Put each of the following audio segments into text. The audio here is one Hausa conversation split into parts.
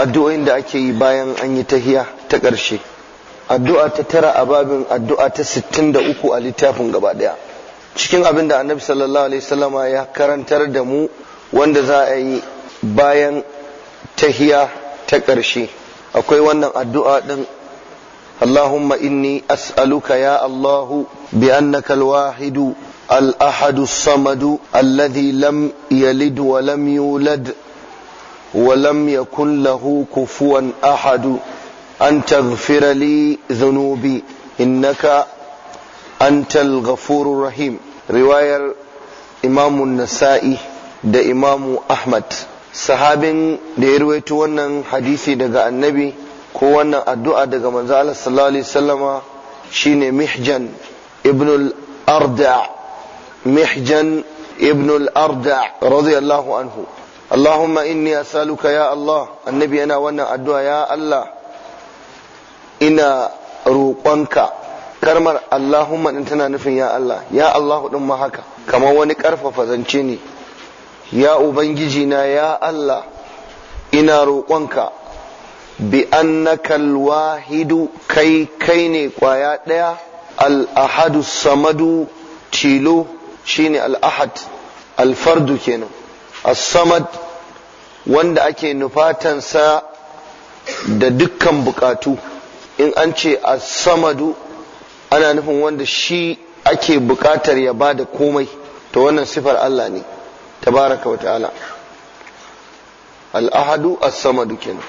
addu'o'in da ake yi bayan an yi tahiya ta ƙarshe addu'a ta tara a babin addu'a ta 63 a littafin gaba daya cikin abin da annabi sallallahu alaihi wasallama ya karantar da mu wanda za a yi bayan tahiya ta ƙarshe akwai wannan addu'a din اللهم إني أسألك يا الله بأنك الواحد الأحد الصمد الذي لم يلد ولم يولد ولم يكن له كفوا أحد أن تغفر لي ذنوبي antal أنت الغفور الرحيم رواية إمام النسائي da imamu ahmad sahabin da ya ruwaito wannan hadisi daga annabi ko wannan addu'a daga manzo Allah sallallahu shine mihjan Ibnul al-arda mihjan ibn al anhu Allahumma inni as'aluka ya Allah annabi yana wannan addu'a ya Allah ina roƙonka karmar Allahumma din tana nufin ya Allah ya Allah din ma haka kamar wani karfafa zance ne ya ubangiji na ya Allah ina roƙonka bi annaka alwahidu kai kai ne kwaya ɗaya al-ahadu samadu tilo shine al-ahad al-fardu kenan as-samad wanda ake nufatansa da dukkan bukatu in an ce as-samadu ana nufin wanda shi ake bukatar ya bada komai to wannan sifar Allah ne tabaraka wa ta'ala al-ahadu as-samadu kenan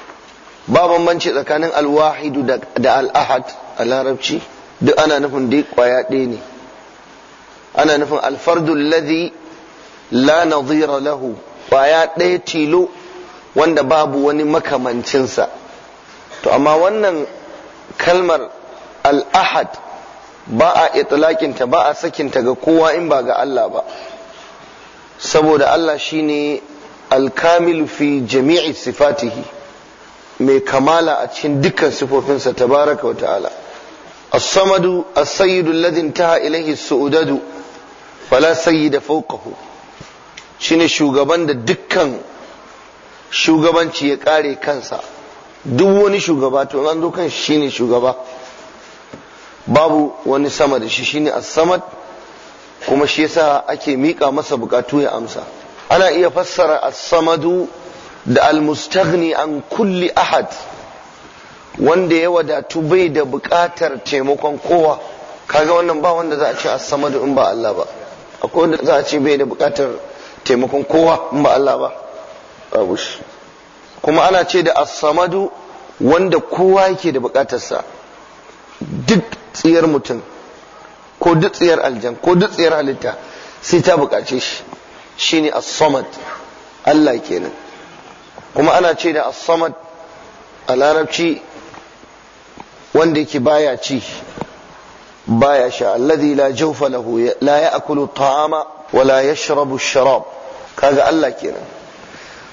ba bambanci tsakanin al-wahidu da al-ahad a larabci duk ana nufin dai kwaya ɗaya ne ana nufin al-fardu alladhi la nazira lahu ya ɗaya tilo wanda babu wani makamancinsa to amma wannan kalmar al-ahad ba a itlaƙinta ba a sakinta ga kowa in ba ga Allah ba saboda Allah shine al-kamil fi jami'i sifatihi mai kamala a cikin dukkan sifofinsa tabaraka wa ta'ala as-samadu as-sayyidu alladhi intaha ilayhi as-su'udadu fala sayyida fawqahu Shi ne shugaban da dukkan shugabanci ya kare kansa duk wani shugaba to an zo kan ne shugaba babu wani sama da shi shine as-samad kuma shi yasa ake mika masa bukatu ya amsa ana iya fassara as-samadu da al-mustaghni an kulli ahad wanda ya wadatu bai da bukatar taimakon kowa kaga wannan ba wanda za a ce as-samadu in ba Allah ba akwai wanda za a ce bai da bukatar taimakon kowa in ba Allah ba babu shi kuma ana ce da as-samadu wanda kowa yake da bukatarsa duk tsiyar mutum ko duk tsiyar aljan ko duk tsiyar halitta sai ta bukace shi shine as-samad Allah kenan kuma ana ce da as-samad a larabci wanda yake baya ci baya sha alladhi la jawfa lahu la ya'kulu ta'ama wa la yashrabu sharab kaga Allah kenan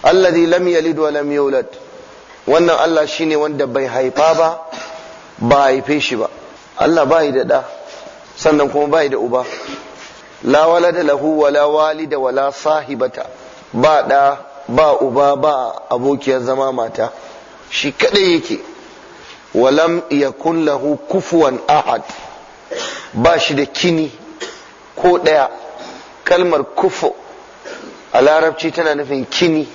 alladhi lam yalid wa lam yulad wannan Allah shine wanda bai haifa ba ba haife shi ba Allah bai da da sannan kuma bai da uba la walada lahu wa la walida wa la sahibata ba da ba uba ba abokiyar zama mata shi kadai yake walam yakun lahu kufuwan ahad ba shi da kini ko ɗaya kalmar kufo a larabci tana nufin kini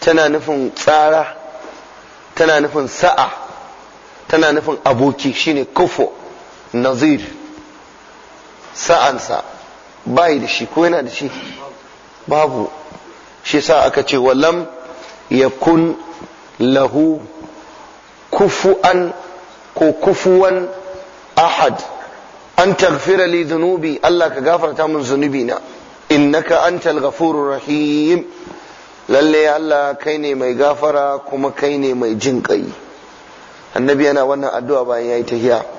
tana nufin tsara tana nufin sa'a tana nufin aboki shine kufo nazir sa'ansa yi da shi ko yana da shi babu shi sa aka ce walam kun lahu kufu'an ko kufuwan ahad an taghfira li Allah ka gafarta min zunubi na innaka antal ghafurur rahim lalle Allah kai ne mai gafara kuma kai ne mai jin kai annabi yana wannan addu'a bayan yayi tahiya